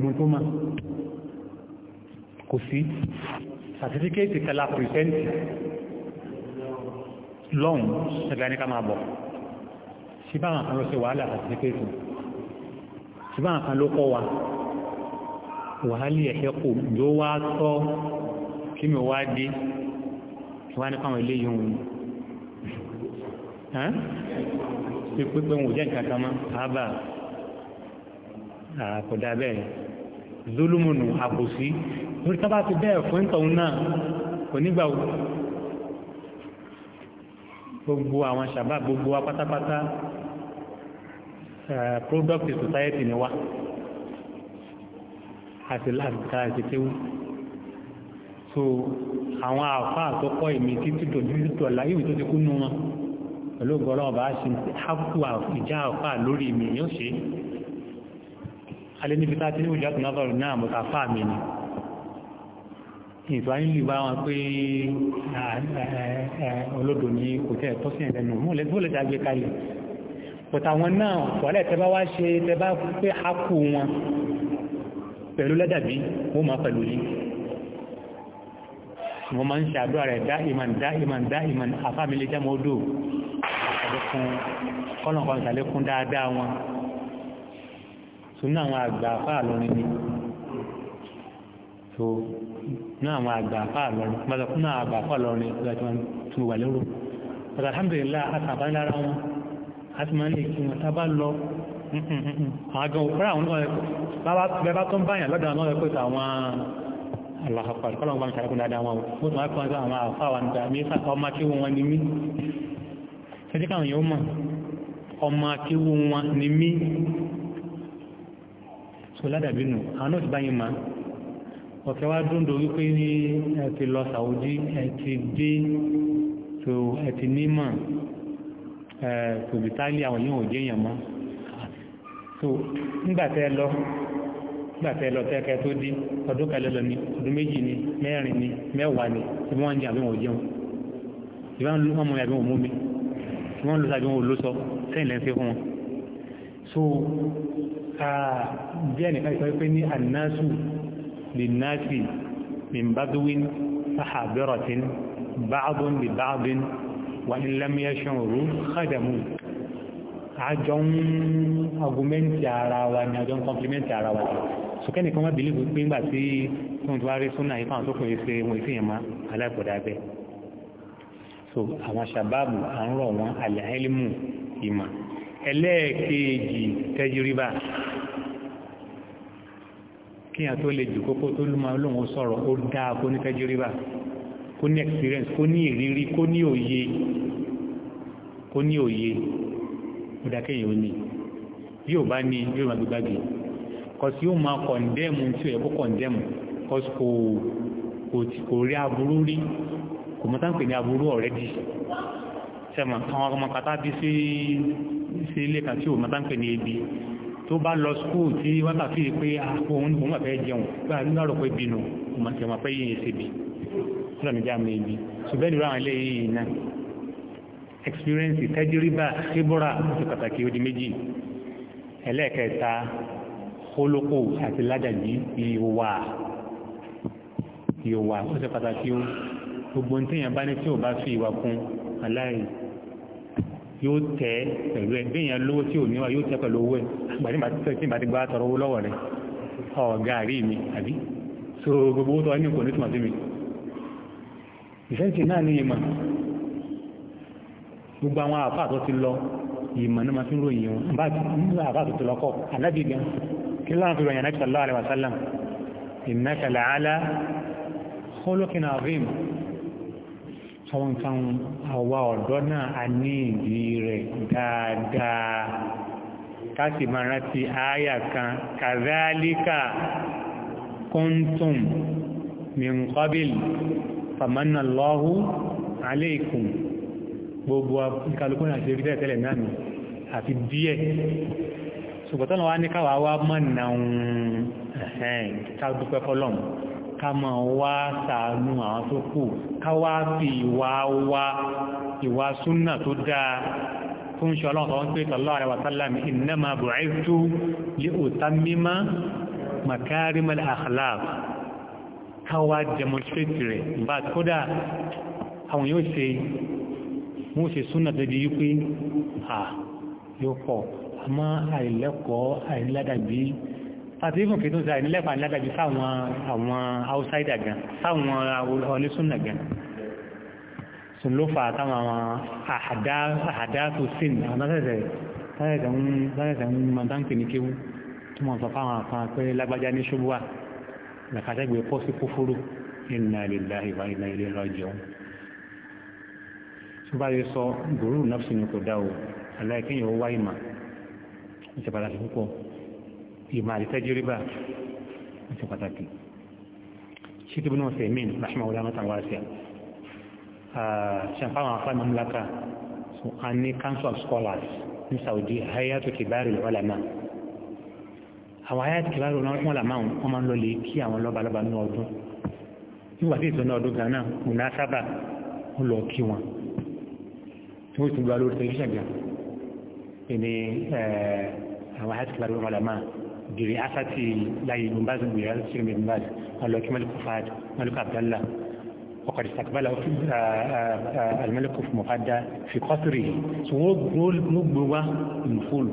ìlú tó máa kò sí sàtífíkéètì kẹla pìrìsẹ́ntì lọ́hùn ẹgbẹ́ ní ká máa bọ̀ ṣíbáwọn kan ló ṣe wàhálà sàtífíkéètì ṣíbáwọn kan ló kọ́ wa wàhálì ẹ̀ṣẹ́ kò ló wá tọ́ kí mi wá dé wá ní káwọn ilé yìí wọn ṣe pípẹ́ wọn ò jẹ́ nǹkan kan mọ́ àbá àkọ̀dá bẹ́ẹ̀ zulumunu àbòsí lórí tábà ti bẹ́ẹ̀ fún ìtọ̀hún náà kò nígbà gbogbo àwọn ṣàbá gbogbo wa pátápátá eh, product society ni wa àti láti ta ìṣẹ́kéwú so àwọn àfáà tó kọ́ ìmì títí tó títọ̀ láyé ìwé tó ti kú nú wọn pẹ̀lú ọgọ́rọ̀ ọba ṣe hápù ìjà alẹ́ níbi tá ti ní òjò àtúnáfàrù náà mo ta fáà mi ni ìfà ń lè bá wọn pé olódò ní kò tẹ́ ẹ̀tọ́ sí ẹ̀lẹ́nu mú lẹ́gbẹ́ dàgbé kalẹ̀ pọ̀tà wọn náà wọ́lẹ̀ tẹ́bá wá ṣe tẹ́bá pé hákù wọn pẹ̀lú lẹ́dàbí wọ́n máa pẹ̀lú yìí wọ́n máa ń ṣe àdúrà rẹ̀ dáìmàn dáìmàn dáìmàn afámilẹ́jámọ́dò àtàlẹ́kún kọ́nà kan ṣàlékún dáadáa wọn súnà àwọn àgbà àfà ni so náà àwọn àgbà àfà lọ́rin bàtà fún náà àgbà àfà lọ́rin ìgbà tí wọ́n tún wà lérò bàtà alhamdulillah àtàbá lára wọn a ti máa ń lè kí wọn tábà lọ àwọn àjọ òkúra àwọn náà bẹ́ẹ̀ bá tó ń báyàn lọ́dọ̀ àwọn ọ̀rẹ́ pẹ̀lú àwọn aláhàpàdé kọ́lọ̀ wọn ṣàrẹ́kùn dáadáa wọn ó tún wá kí wọ́n àwọn àfà wọn dá mi ọmọ kí wọn ni mí ṣe jẹ́ káwọn yóò mọ̀ ọmọ kí wọn ni mí so ládàbí nù àwọn náà ti bá yín ma ọ̀kẹ́ wá dúndò wípé ní ẹ ti lọ sàwùjí ẹ ti dé so ẹ ti nímọ̀ ẹ tòbítálì àwọn yóò jẹ́ èèyàn mọ́ so nígbàtẹ́ lọ nígbàtẹ́ lọ tẹ́kẹ́ tó dí ọdún kẹlẹ́ lọ ni ọdún méjì ni mẹ́rin ni mẹ́wàá ni tí wọ́n ń jẹ àbí wọn ò jẹun ìbá ń lu ọmọ yàbí wọn mú mi tí lu sàbí wọn ò lóṣọ sẹ́yìn lẹ́ńfẹ́ fún wọn bí ẹnìkan ìsọ pé ní annasu lè náàfi min bagwin sahabiratin ba'adun lè ba'adun wà ní lẹ́míyàṣán òru kádàmù àjọ ń agumenti ara wa ni àjọ ń kọmplimenti ara wa sókè nìkan wá bìlì pé ńgbà tí tó ń tó wá rí súnà ipá tó kò ṣe wọn ìfihàn má aláìkọ̀dá bẹ́ẹ̀ so àwọn sàbáàbù à rọ̀ wọn àlẹ́ ẹlẹ́mù ìmọ̀ ẹlẹ́ẹ̀kejì tẹ́júríbà kí a tó lè jù kókó tó lúmọ olóhun sọ̀rọ̀ ó dáa kó ní tẹ́júríbà kó ní experience kó ní ìrírí kó ní òye kó ní òye ó dákẹ́yìn ó ní bí ò bá ní yóò máa gbígbági kọsí ó máa kọ̀ndẹ́mù tí ó yẹ kó kọ̀ndẹ́mù kọsí kò rí aburú rí kò mọ́ táǹpẹ̀ ní aburú already sẹ́mọ̀ àwọn ọmọ kàtà bí sí ilé kan tí ò mọ́ táǹpẹ̀ ní ebi tó bá lọ skúù tí wọ́n bá fi pé àpò ah, òun òun àfẹ́ jẹun pé àdúrà rò pé bínú ọmọ pé yìí ṣe bí lọ́nà ìjà mi experience tẹ́jìrìbà síbúra ti pàtàkì odi méjì ẹlẹ́ẹ̀kẹta kólókò àti ládàjì ìwà ìwà ó ṣe pàtàkì gbogbo ní tíyàn bá ní tí ò bá fi ìwà kún aláìsí yóò tẹ́ pẹ̀lú ẹ̀ bí èèyàn lówó tí ò níwá yóò tẹ́ pẹ̀lú owó ẹ̀ gbàdí màá tẹ́ tí màá ti gbá tọrọ owó lọ́wọ́ rẹ̀ ọ̀gá rí mi àbí so gbogbo owó tó wá ní kò ní túmọ̀ sí mi ìfẹ́ǹsì náà ní ìmọ̀ gbogbo àwọn àfáà tó ti lọ ìmọ̀ náà máa fi ń ròyìn wọn bá àfáà tó ti lọ kọ́ ànábì gan kí láwọn fi ròyìn ànábì sallallahu alaihi wasallam innaka la'ala khuluqin azim àwọn nǹkan àwa ọ̀dọ́ náà a ní ìdí rẹ̀ dáadáa ká sì máa rántí àáyà kan kàzálíkà kúntùm min qabil famanallahu aleikum gbogbo ìkàlùkù náà ṣe rí tẹ́lẹ̀ náà nù àfi díẹ̀ ṣùgbọ́n tọ́nà wá ní káwàá wá mọ́ nà ń ẹ̀hẹ́n ká ká máa wá sàánú àwọn tó kù ká wá fi ìwà wá ìwà súnà tó dáa fún ṣe ọlọ́run tọ́wọ́n pé sallallahu alaihi wasallam innama bu'ithtu li utammima makarimal akhlaq ká wá demonstrate rẹ̀ bá kódà àwọn yóò ṣe mú ṣe súnà tó di wípé à yóò pọ̀ àmọ́ àìlẹ́kọ̀ọ́ àìládàbí àti ìfún fìdún sáà nílẹ́fà níládájú sáwọn àwọn outsider gan sáwọn olùsúnnà gan sùn ló fà táwọn àwọn àhàdáàtò sin àwọn lásẹ̀sẹ̀ ń mọ̀tánkì ní kéwú tó mọ̀ sọ fáwọn àfáà pé lágbájá ní ṣubúwà làkàtẹ́gbẹ̀ pọ́ sí kúfúrú inna lillahi wa inna ilayhi raji'un tó bá yẹ sọ gòrú náà sí ni kò dá o aláìkéyàn ìmọ̀ àdìtẹ́jìrìbà àti pàtàkì ṣíkí bí náà sẹ̀mí rahimahullah mẹ́ta wá sí ṣàfáwọn afá mamlaka a ní council of scholars ní Saudi hayatu kibari ulama àwọn hayatu kibari ulama wọn máa ń lọ lè kí àwọn lọ́balọ́ba ní ọdún nígbà tí ìtọ́nà ọdún gan náà kò náà sábà ó lọ kí wọn tí wọ́n ti gba lórí tẹlifíṣàn ẹni àwọn hayatu kibari ulama dirasati layi bin baz bin baz sir bin baz malik malik fahad malik abdullah وقد استقبله في الملك في مقدة في قصره سوى قول نبوة نفول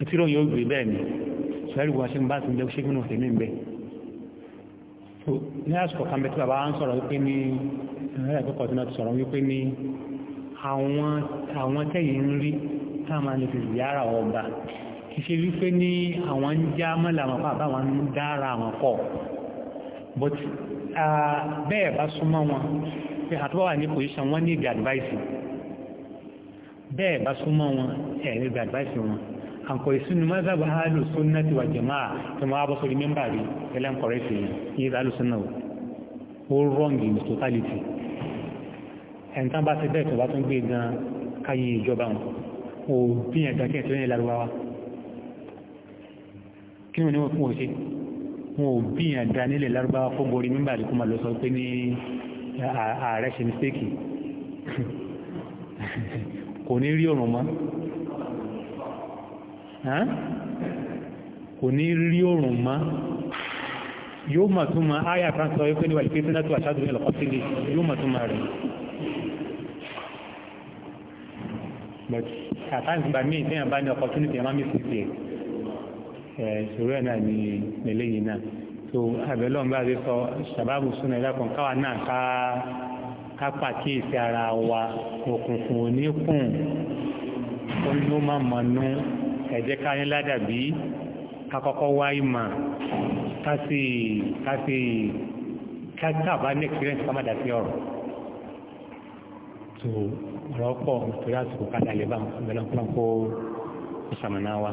كثير يوم بيباني sọ́rí wọ́n ṣe ń bá ti jẹ́ ṣe mínú tèmi ń bẹ́ ní àsìkò kan bẹ́ tí bàbá ń sọ̀rọ̀ wípé ní ẹ̀rẹ́ àkọ́kọ́ tí wọ́n ti sọ̀rọ̀ wípé àwọn tẹ́yìn ń rí táàmà lè fi yára ọba kì í ṣe wípé ní àwọn ń já mọ́lá àwọn pàpá àwọn ń dára àwọn pọ̀ but bẹ́ẹ̀ bá súnmọ́ wọn pé àtúbọ̀ wà ní position wọ́n ní ìgbà advice bẹ́ẹ̀ bá súnmọ́ wọn ẹ̀ ní ìgbà advice wọn àǹkọ̀ ìsúnú mọ́sábà hálù súnná ti wà jẹ̀máà tí wọ́n á bọ́ sórí mẹ́mbà rí ẹlẹ́nkọ̀rẹ́ sí iye ò bí ẹ̀ǹtán tó ní ìlàrúwáwá kí ni wọ́n fún òṣè wọn ò bíyàn dá nílẹ̀ lárúbáwá fún borí mímbà àdìkú máa lọ sọ pé ní ààrẹ ṣe mistake kò ní rí òrùn mọ́ kò ní rí òrùn mọ́ yóò mọ̀ tún ma áyà kan sọ wípé níwà ìpínlẹ̀ náà tó àṣájú ẹlọ́kọ́ sílé yóò mọ̀ tún ma rẹ̀ but àtàǹgbà míì tẹ́yàn bá ní opportunity ẹ̀má mi sí ti ẹ̀ ìṣòro ẹ̀ náà ní eléyìí náà tó àbẹ̀lọ́n bá ti sọ ṣàbábù súnà ẹ̀dàkùn káwa náà ká ká pàkíyèsí ara wa òkùnkùn oníkùn olú má mọ̀nú ẹ̀jẹ̀ ká ní ládàbí ká kọ́kọ́ wá ìmọ̀ ká sì ká sì ká sábà ní experience ká má dà sí ọ̀rọ̀ tó ọ̀rọ̀ pọ̀ nítorí àsìkò ká dalẹ̀ bá ń bẹ̀rẹ̀ fún ọkọ̀ ìṣàmùnáwá.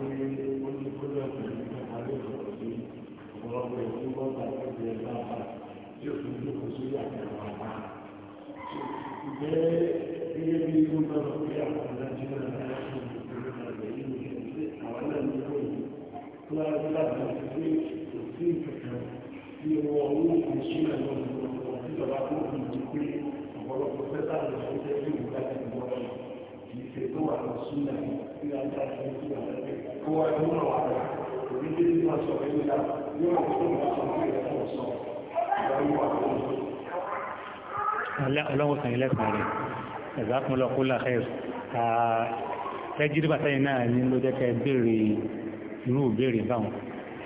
pé ó kowa ya nuna wa da domin jirgin masu wani da yawan kudin masu wani da kuma sau rayuwa da wani ọlọ́wọ́ sàn ilẹ̀ sàn rẹ̀ ẹ̀zákùnlọ kó láàáyẹ̀ tẹ́jìrìbà sẹ́yìn náà ní ló jẹ́ kẹ́ irú ìbéèrè báwọn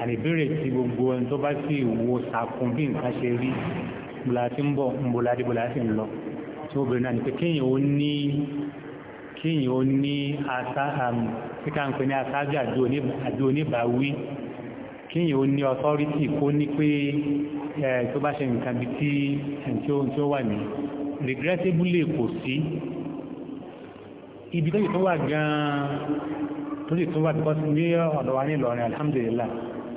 àlèbéèrè tí gbogbo ẹni tó bá sì wo sàkún bí nǹkan ṣe rí bùlá tí ń bọ̀ ń bọ̀lá dé sí ń lọ tí obìnrin náà ní pé kéèyàn ó ní kíyìn ó ní um, kíkàǹkù ní asájú àjò oníbàáwí kíyìn ó ní authority kó ní pé tó bá ṣe nǹkan bí tí tí ó wà ní regrettably kò sí ibi tó yìí tó wà gan-an tó yìí tó wà because ní ọ̀dọ̀ wa ní Ìlọrin alhamdulillah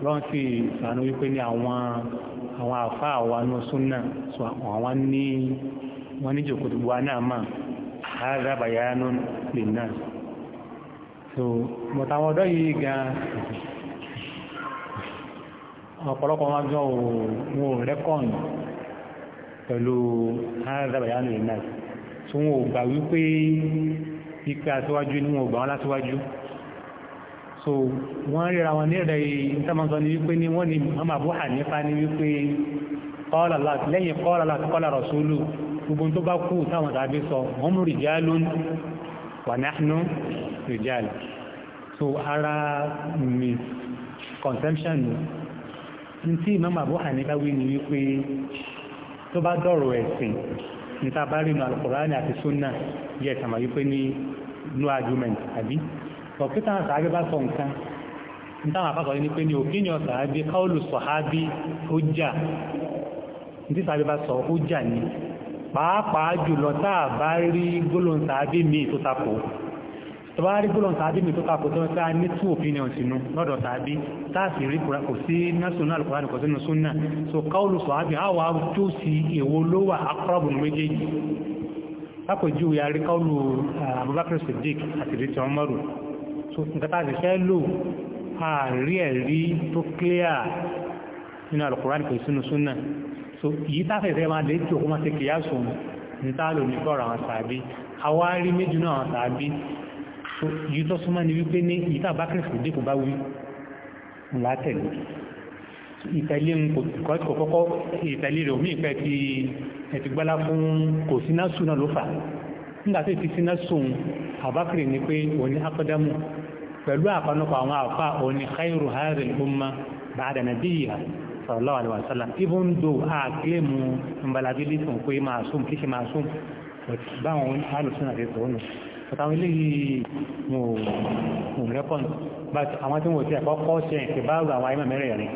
lọ́n sì sànú wípé ní àwọn àwọn àfáà wa ní súnà so àwọn ní jòkó tó wà náà máa hádà bàyánú lè náà so mọ̀tàwọn ọ̀dọ́ yìí gan ọ̀pọ̀lọpọ̀ wọn gan wọn ò rẹ́kọ̀ọ̀nù pẹ̀lú hádà bàyánú lè náà so wọn ò gbà wípé ipe àtiwájú ni wọn ò gbà wọn látiwájú so wọ́n ríra wọn ní ẹ̀rẹ̀ ìtàmọ́sọ ni wípé ní wọ́n ni Imam Abu Hanifa ní wípé qala Allah lẹ́yìn qala Allah qala rasulu gbogbo tó bá kú táwọn tàbí sọ wọ́n mú rijalun wa nahnu rijal so ara mi consumption ní tí Imam Abu Hanifa wí ni wípé tó bá dọ̀rọ̀ ẹ̀sìn níta bá rí nu alukurani àti sunna yẹ kàmá wípé ní no argument àbí ọ̀pẹ́ táwọn sàábé bá sọ nǹkan nítawọn àpapọ̀ ní pé ní opinion sàábé káwọlù sọ̀hábí ó jà ní tí sàábé bá sọ ó jà ní pàápàá jùlọ táà bá rí gbólóhùn tàbí mi tó tako tó bá rí gbólóhùn tàbí mi tó tako tó tá ní two opinions inú lọ́dọ̀ tàbí táàsì rí kò sí national alukùránì kò sínú súnà so káwùlù sọ àbí àwọn àwùjọ sí èwo ló wà akọ́rọ̀bùn méjèèjì lápòjú yarí káwùlù Abubakar Siddiq àti rita Umaru so nǹkan táàsì fẹ́ lò àárí ẹ̀rí clear nínú alukùránì kò sínú so yìí táfẹ̀fẹ́ máa lè tí òkú máa ṣe kìyàsùn ní táàlò ní kọ́ra àwọn sàábí àwárí méjì náà àwọn sàábí yìí tó súnmọ́ ní wípé ní ìta bákẹ́sì dínkù bá wí látẹ̀lé ìtẹ̀lé kọ̀kọ́kọ́ ìtẹ̀lé rẹ̀ omi ìfẹ́ ti ẹ̀tìgbálá fún kò sínásù náà ló fà nígbàtí ti sínásù àbákìrì ni sallallahu alaihi wasallam even though a claim invalidity fún pé máa sùn kí ṣe máa sùn but báwọn alùsùn àti tòónù but àwọn eléyìí mo mo rẹ́kọ̀n but àwọn tí wọ́n ti àkọ́kọ́ ṣe ẹ̀kẹ́ báwọ̀ àwọn ayé mẹ́rẹ̀ rẹ̀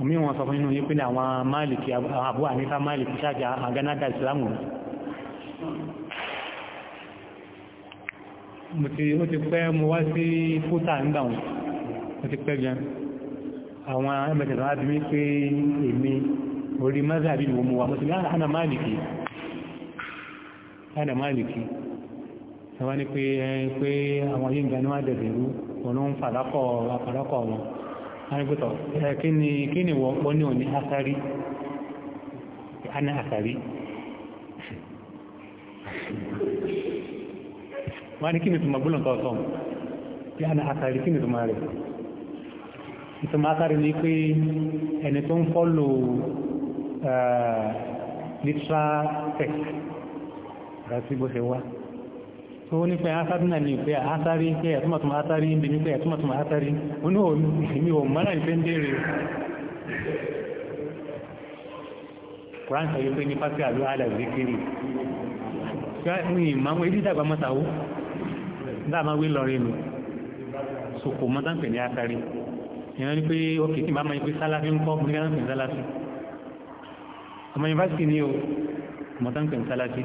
omi wọn sọ fún inú yìí pé àwọn máàlìkì àbú ànífà máàlìkì ṣáàjà àgánádà ìsìlámù mo ti pẹ́ mo wá sí fúta nígbà wọn mo ti pẹ́ gan-an àwọn ẹmẹ́tẹ̀ náà bí wípé èmi orí mazhabi ìwò mú wa mọ́ sí hánà máàlìkì hánà máàlìkì ẹwà ní pé pé àwọn yìí gani wá dẹ̀bẹ̀rú ọ̀nà ń fàdákọ̀ àpàdákọ̀ wọn a ní pẹ́tọ̀ kí ni wọ́n ní òní asari ana asari wọ́n ni? kí ni tùmọ̀ gbọ́lọ̀ tọ̀ọ̀tọ̀ kí ana asari kí ni tùmọ̀ rẹ̀ ìtumọ̀ akárí ní pé ẹni tó ń fọ́lò literal text àti bó ṣe wá tó ní pé asárí náà ní pé asárí pé ẹ̀túnmọ̀túnmọ̀ asárí ń bí ní pé ẹ̀túnmọ̀túnmọ̀ asárí oní òmí ò mọ́nà ìfẹ́ ń dèrè Quran sọ yóò pé ní ìyẹn ni pé ókè tí màá mọ̀ pé sálàfí ń kọ́ mo ní sálàfí ọmọ yunifásitì ni o mo tán pè sálàfí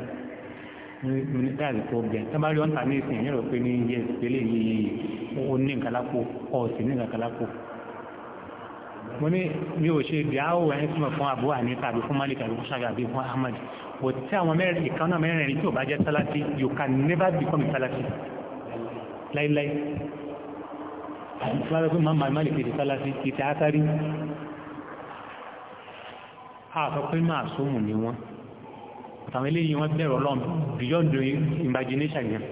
mo ní táyà tó gẹ̀ tá bá rí ọ̀ǹtà ní ìsìn ìyẹn rò pé ní yẹ ìpele yìí ó ní nǹkan lápò ọ̀ sí ní nǹkan lápò mo ní mi ò ṣe ìdíáwò ẹni tí fún Abu Hanifa tàbí fún Malik tàbí fún Shafi àbí fún Ahmad kò tí àwọn mẹ́rin ìkànnà mẹ́rin tí ò bá jẹ́ sálàfí you can never become a sálàfí láíláí lábẹ́ pé máa máa lè fi ìsálá sí ti tààtàrí àtọ́ pé máa sóhùn ní wọ́n àtàwọn eléyìí wọ́n bẹ̀rọ lọ́n beyond the imagination yẹn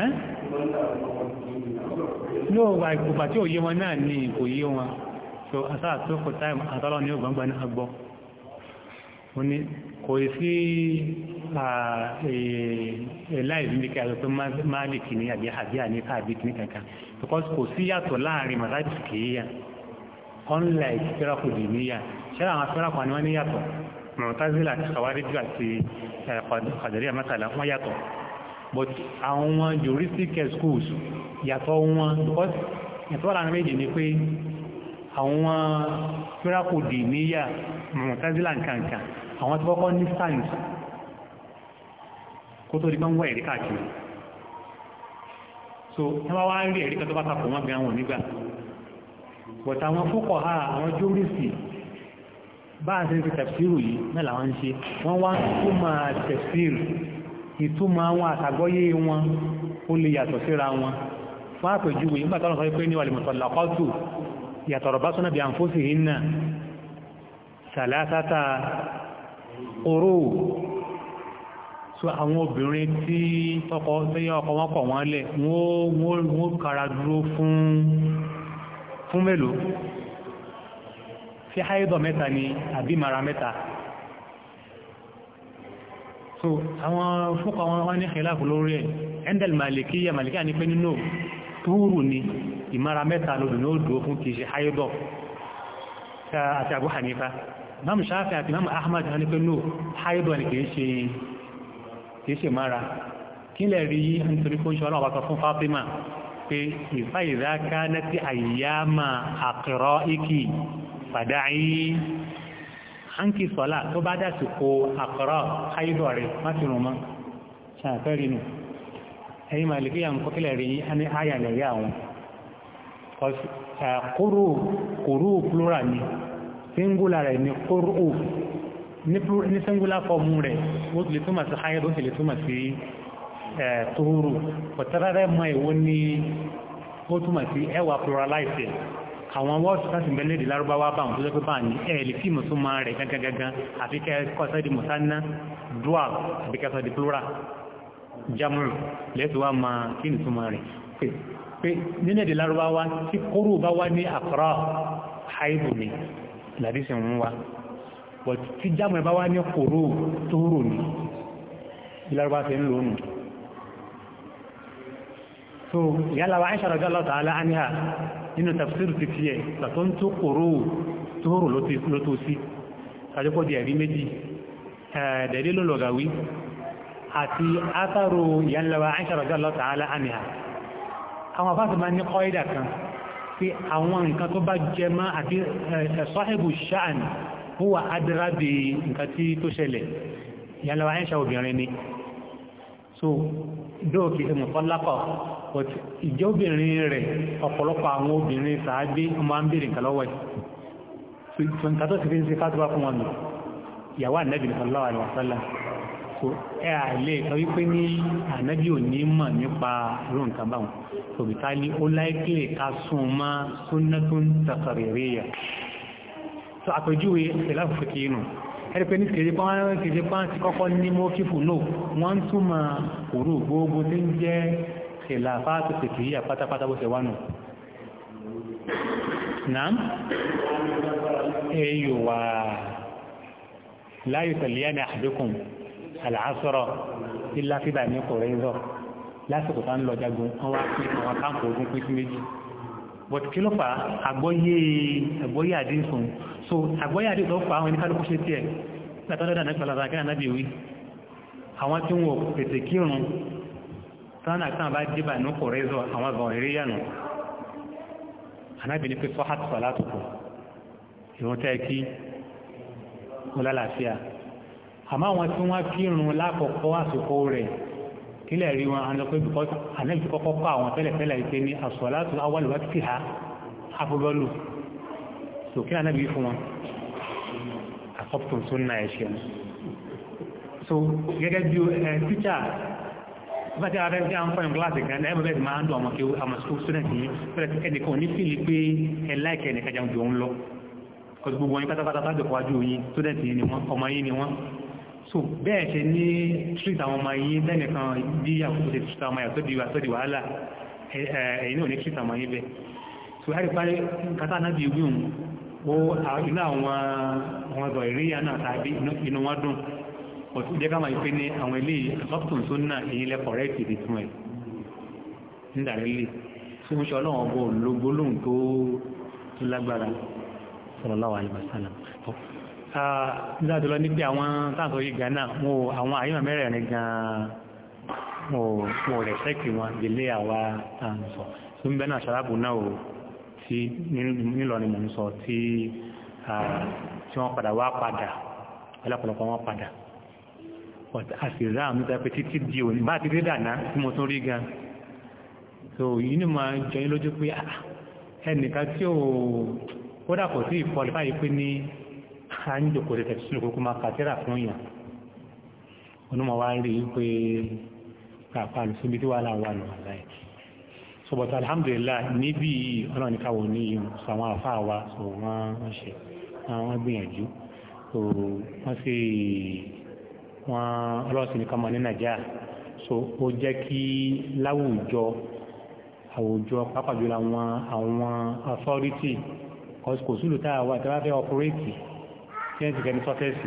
ẹ́n ló wà ìkùpà tí òye wọn náà ní ìkò yé wọn so asáà tó kò táìmù àtọ́lọ́ ní ògbọ́ngbọ́n ní agbọ́ kò sí láìsí ní kí pé máàlìkì ní àbí àbí àníkà àbí kìíní kankan because kò sí yàtọ̀ láàrin màláìsì kìíyà unlike fẹ́ràkù dì níyà ṣẹ́rà àwọn fẹ́ràkù àni wọ́n ní yàtọ̀ mọ̀tázílà àti kàwáríjú àti kàdàrí àmátàlá wọ́n yàtọ̀ but àwọn juristic schools yàtọ̀ wọn because yàtọ̀ láàrin méjì ni pé àwọn fẹ́ràkù dì níyà mọ̀tázílà nkankan àwọn tí kọ́kọ́ ní sáyẹ̀nsì kó tó di pé ń wá ẹ̀rí káàkiri so wọ́n bá wá rí ẹ̀rí kan tó bá takò wọ́n gan wọn nígbà but àwọn fúkọ̀ ha àwọn jórìsì bá a ṣe ń fi tẹ̀fsíìrù yìí náà làwọn ń ṣe wọ́n wá túmọ̀ tẹ̀fsíìrù ìtumọ̀ àwọn àtàgbọ́yé wọn ó lè yàtọ̀ síra wọn fún àpèjúwe nígbà tó lọ oró so àwọn obìnrin tí ọkọ tẹ́yẹ ọkọ wọn kọ̀ wọ́n lẹ̀ wọ́n kára dúró fún fún mélòó tí haidọ̀ mẹ́ta ni àbí mara mẹ́ta so àwọn fúnkọ̀ wọn wọ́n ní ṣẹláàkù lórí ẹ̀ endel malikiya malikiya ní pé nínú túrù ni ìmara mẹ́ta lòdù ní ó dúró fún kìí ṣe haidọ̀ imam shafi àti imam ahmad wọn ni pé no haibon kìí ṣe kìí ṣe mara kí lè rí nítorí kó ń ṣe ọlọ́wọ́ sọ fún fatima pé ìfà ìdáká nẹ́tí àyàmà àkìrọ́ ikì fàdáyí hankì sọ́lá tó bá dásìkò àkìrọ́ haibon rẹ̀ máti rùmọ́ ṣàfẹ́ rí singular rẹ̀ ní kóró ní singular form rẹ̀ ó ti lè túmọ̀ sí hayar ó ti lè túmọ̀ sí tóóró pọ̀tẹ́rẹ́rẹ́ mọ́ ìwó ní ó túmọ̀ sí ẹwà pluralize àwọn wọ́ọ̀tí láti bẹ̀lẹ̀ èdè lárúbáwá bá wọn tó jẹ́ pé bá ní ẹ̀ẹ̀lì fíìmù tó máa rẹ̀ gangan àfi kẹ́ẹ̀kọ́sẹ́ di mùsánná dual àbí kẹ́ẹ̀kọ́sẹ́ di plural jamur lẹ́tùwá máa kí ní tó máa rẹ̀ pé nínú èdè lárúbáwá tí kóró bá wá ní àkọ́rọ̀ haibu ni làdísì ń wá but tí jámù ẹ bá wá ní kòró tó rò ní ìlàrúbá ṣe ń lónìí so ìyálà wa Aisha radiyallahu ta'ala anha nínú tafsiru ti fi ẹ̀ tàtó ń tó kòró tó rò ló tó sí tàjọ́pọ̀ di ẹ̀rí méjì ẹ̀ẹ́dẹ̀ẹ́dẹ́ ló lọ̀gàwí àti átàrò ìyálà wa Aisha radiyallahu ta'ala àwọn afáfẹ́ máa ní kọ́ ìdà kan pé àwọn nǹkan tó bá jẹ mọ́ àti ẹ̀sọ́hẹ̀bù ṣáàn ó wà ádìrá bí nǹkan tí tó ṣẹlẹ̀ ìyàlọ́ àyíṣà obìnrin ni so dóòkì ìmùtọ́lápọ̀ ìjẹ́ obìnrin rẹ̀ ọ̀pọ̀lọpọ̀ àwọn obìnrin sàágbé ọmọ ń bèèrè nǹkan lọ́wọ́ ẹ̀ so ẹ àìlè sọ wípé ní ànábì ò ní mọ̀ nípa irú nǹkan báwọn tòbítálí ó láìkìlè ká sún mọ́ súnná tó ń tàkàrẹ̀rẹ̀ yà so àpèjúwe ìlàfòkè inú ẹni pé ní kèje pọ́n kèje pọ́n ti kọ́kọ́ ní mọ́ fífò náà wọ́n ń túmọ̀ òru gbogbo tí ń jẹ́ ìlàfà tó tètè yà pátápátá bó ṣe wà nù نعم ايوه لا يصلين àlàásọ̀rọ̀ tí láfíbà ní kò rẹ́ńzọ̀ lásìkò tá ń lọ jagun àwọn apẹ àwọn táǹkì ogun pé sí méjì but kí ló fà àgbọ́yé àgbọ́yé àdínsùn so àgbọ́yé àdínsùn fà àwọn oníkálukú ṣe tiẹ̀ látọ́dọ́dà náà pẹ̀lú àkẹ́rẹ́ náà bèwí àwọn tí wọn tètè kírun sánà kan bá dìbà ní kò rẹ́zọ àwọn àgbọ̀n ìrìyànù anábìnrin pé sọ́hàtù sọ̀látùkù àmọ́ àwọn tí wọ́n kírun lákọ̀ọ́kọ́ àsìkò rẹ̀ kílẹ̀ rí wọn àwọn ọ̀pẹ́ because ànábì kọ́kọ́ kọ́ àwọn tẹ́lẹ̀tẹ́lẹ̀ ìpé ní as-salatu awwal waqtiha afọ́gọ́lù so kí ànábì fún wọn àkọ́pùtù sunna ẹ̀ṣẹ̀ so gẹ́gẹ́ bí ẹ tíṣà bá ti ara ẹni àwọn fọ́nà gíláàsì kan ẹ bẹ̀rẹ̀ máa ń dùn àwọn kí àwọn school student yìí fẹ́rẹ̀ ẹnìkan ní fìlì pé ẹ láìkẹ́ ẹnìkan jẹun jọ ń lọ because gbogbo wọn pátápátá bá jọ so bẹ́ẹ̀ ṣe ní street àwọn ọmọ yìí lẹ́nìkan bí àkókò ṣe street àwọn ọmọ yàtọ̀ di àtọ̀ di wàhálà ẹ̀yìn náà ní street àwọn yìí bẹ́ẹ̀ so ẹ̀rí parí kátà náà bí wíwùn ó inú àwọn ọ̀dọ̀ ìríyà náà tàbí inú wọn dùn ọ̀tún jẹ́ káwọn ìpé ní àwọn ilé ìsọ́pùtùn tó náà èyí lẹ́ sallallahu alaihi wasallam nígbàtọ́lọ́ ní pé àwọn táàkọ̀ yìí gan náà mo àwọn àyíwà mẹ́rẹ̀ rẹ̀ gan mo rẹ̀ sẹ́kì wọn délé àwa àǹsọ̀ tó ń bẹ́ náà ṣàrábù náà ò tí nílọrin mò ń sọ tí wọ́n padà wá padà alápọ̀lọpọ̀ wọn padà àṣìrá àmì tàbí títí di òní bá ti rí dàná tí mo tún rí so yìí ni máa jẹ́ lójú pé ẹnìkan tí ó kódà kò sí ìfọlífà ní ká ń jòkó lè tẹ̀sí lóko máa ka tẹ́rà fún èèyàn onímọ̀ wá rí i pé kàpá lù síbi tí wàhálà wà lọ àláì sọ̀bọ̀tà alhamdulillah níbi ọlọ́run káwọn ní ìhùn sọ àwọn àfáà wa sọ wọ́n ṣe wọ́n gbìyànjú so wọ́n sì wọ́n ọlọ́sìn nìkan mọ̀ ní nàìjíríà so ó jẹ́ kí láwùjọ àwùjọ pàápàá àwọn àwọn authority kò sílù tá a wà tí wọ́n fẹ́ operate kí ẹ̀sìn kẹni sọ́tẹ̀sì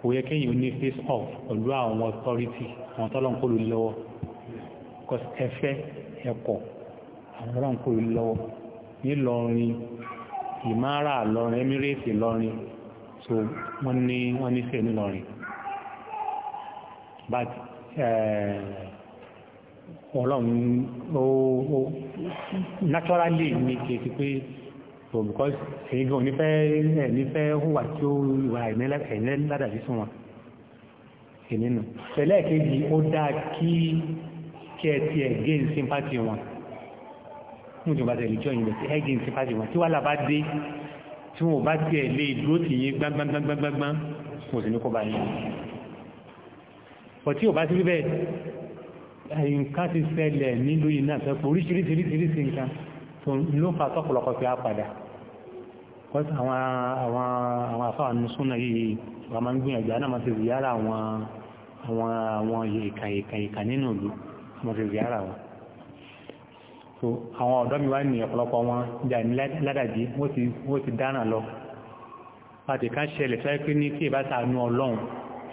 kò yẹ kéèyàn ní face off pẹ̀lú àwọn authority àwọn tọ́lọ̀ ń kó lórí lọ́wọ́ because ẹ̀fẹ́ ẹ̀kọ́ àwọn tọ́lọ̀ ń kó lórí lọ́wọ́ nílọrin ìmára lọrin emirate lọrin so wọ́n ní wọ́n ní fẹ́ nílọrin but eh, ọlọ́run ó naturally ní kí n pé so because èyí gan nífẹ́ nífẹ́ hùwà tí ó wà ẹ̀lẹ́ ládàbí fún wọn èmi nù tẹ́lẹ̀ kejì ó dáa kí kí ẹ ti ẹ̀ gain sympathy wọn mú ìjọba tẹ̀lé jọ ìgbẹ̀ tí ẹ gain sympathy wọn tí wàhálà bá dé tí wọn bá tiẹ̀ lé dúró tì yín gbángbangbangbangbang mo sì ní kó bá yín ọ̀tí ò bá sí bẹ́ẹ̀ nǹkan ti ṣẹlẹ̀ nílùú yìí náà fẹ́ pé oríṣiríṣiríṣiríṣi nǹkan tó ló ń fa tọ́pọ̀lọpọ̀ fi á padà because àwọn àwọn àwọn àfáà ní súnà yìí wà máa ń gbìyànjú àná máa ti ziyara àwọn àwọn àwọn ìkà ìkà ìkà nínú ìlú máa ti ziyara wọn so àwọn ọ̀dọ́ mi wá ní ọ̀pọ̀lọpọ̀ wọn jà ní ládàjí wọ́n ti dáná lọ láti ká ṣẹlẹ̀ fẹ́ pé ní kí ìbáta àánú ọlọ́run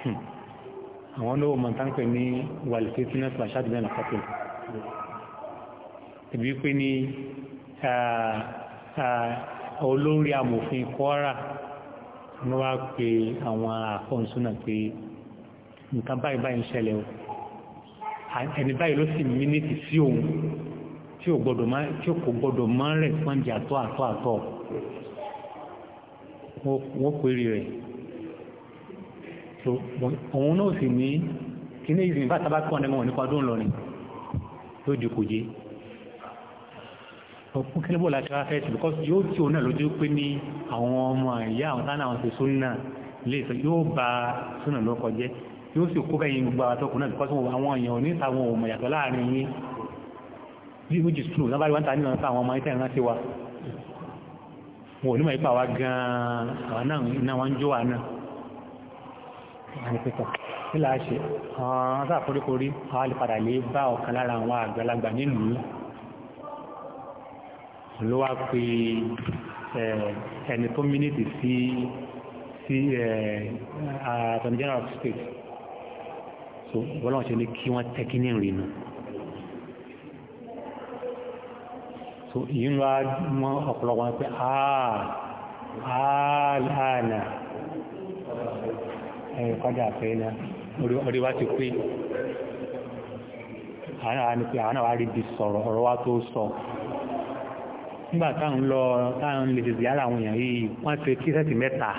hmm, àwọn olówó mọ̀tánpẹ̀ olórí amòfin Kwara wọ́n wá pe àwọn àfọ́nsúnà pé nǹkan báyìí báyìí ń ṣẹlẹ̀ o ẹni báyìí ló sì mínítì sí òun tí ò gbọdọ̀ máa tí ò kò gbọdọ̀ máa rẹ̀ fọ́njì àtọ́ àtọ́ àtọ́ wọ́n pèrè rẹ̀ òun náà sì ní kí ní ìsìn bá sábà kí wọn ní wọn nípa ọdún lọ ni ló di kò fún kí ló bọ̀ láti wá fẹ́ẹ̀sì because yóò tí òun náà lójú pé ní àwọn ọmọ ìyá àwọn tánà àwọn ṣe súnà lè sọ yóò ba súnà ló kọjẹ́ yóò sì kó bẹ́yìn gbogbo àwọn tọkùn náà because àwọn èèyàn ò ní sàwọn òmò yàtọ̀ láàrin yín bí méjì sùn náà bá rí wọn ta nílò sáwọn ọmọ ìtẹ́ ìrántí wa wọn ò ní mọ̀ ipa wa gan-an àwọn náà iná wọn ń jó wa náà àìsíkọ̀ nílà ṣe àwọn sáà foríkorí àwọn alìpadà lè bá ọ̀kan lára àwọn àgbàlagbà nílùú ló wá pé ẹni tó mínítì sí sí attorney general of state so bọ́lá ṣe ní kí wọ́n tẹ́kí ní ìrìnà so yìí ló mọ́ ọ̀pọ̀lọpọ̀ wọn pé ààlànà ah, ah, ah, ẹ̀kọ́dà àfẹ́lá orí wá ti pé àánà wá rí bí sọ̀rọ̀ ọ̀rọ̀ wá tó sọ nígbà táwọn lọ táwọn lè ṣèṣì yára àwọn èèyàn yìí wọ́n ṣe kíṣẹ́tì mẹ́ta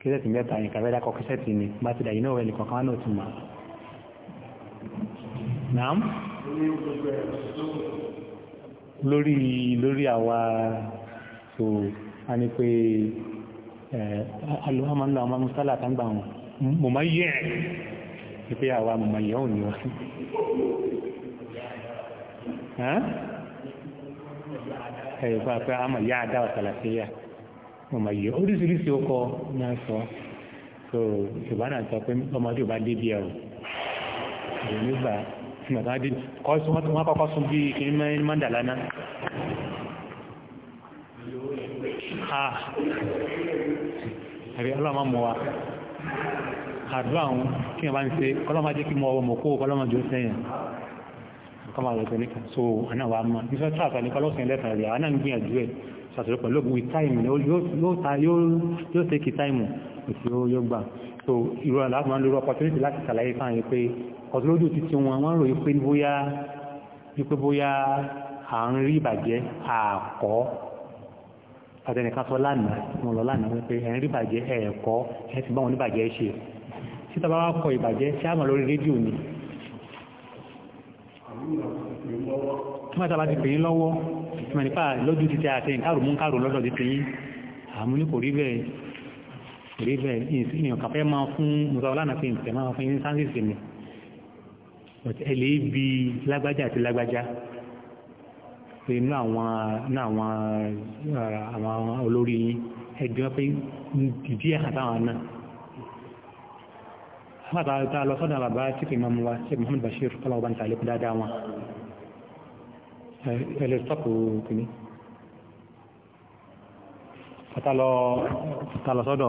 kíṣẹ́tì mẹ́ta yìí kàfẹ́ dákọ̀ kíṣẹ́tì ni bá ti dàyí náà ẹnì kankan náà ti mọ̀ nàám lórí lórí àwa so a ní pé alùhámánlá ọmọ musálà àtàgbà wọn mo máa yẹ ẹ pé àwa mo máa yẹ òun ni wọn ẹ̀rọ bá pẹ́ àmọ̀ yá dá wà sàlàfíà ọmọ yìí oríṣiríṣi ó kọ náà sọ so yorùbá náà sọ pé ọmọdé ò bá débi ẹ o èrò nígbà nígbà tó wá débi kọ́ sún wọn kọ́kọ́ sún bí kí ní mọ́ndàlá náà. àbí ọlọ́mọ mọ̀ wa àdúrà àwọn kí wọ́n bá ń ṣe kọ́lọ́mọ jẹ́ kí mo ọwọ́ mọ̀ kó kọ́lọ́mọ jù sẹ́yìn kọ́mọ àwọn ìpínlẹ̀ kan so àná wa mọ̀ bí sọ́tà àtàlẹ́kọ́ lọ́sìn lẹ́tàn rẹ̀ àná ń gbìyànjú ẹ̀ ṣàtúrò pẹ̀lú ògùn ìtáìmù yóò tẹ́kì táìmù tí ó yóò so ìrọ̀ aláàbò máa lórí opportunity láti ṣàlàyé fáwọn pé ọdún lójú títí wọn wọ́n rò pé bóyá wípé bóyá à ń rí ìbàjẹ́ àkọ́ àtẹnìkan sọ lánàá mo lọ lánàá wípé ẹ̀ ń rí ìbàjẹ́ ẹ̀ẹ̀kọ́ ẹ̀ ti bá wọn níbàjẹ́ ṣe títà mọ́ta bá ti pè yín lọ́wọ́ mẹ́nipa lójú ti tẹ́ àti ìkárù mú kárù lọ́dọ̀ ti pè yín àmú ní kò rí bẹ́ẹ̀ kò rí bẹ́ẹ̀ ìyàn kàfẹ́ máa fún mùsàwọ́lánà pé ìfẹ́ máa fún yín sáńsìsì mi ẹ̀lẹ́ ibi lágbájá àti lágbájá pé inú àwọn àwọn olórí yín nígbà tá a lọ sọ́dọ̀ bàbá tí kì í máa wa ṣe Muhammad Bashir kọ́lá ọba nìtàlẹ́ kún dáadáa wọn ẹ ni. sọ́pù kìíní. tá a lọ sọ́dọ̀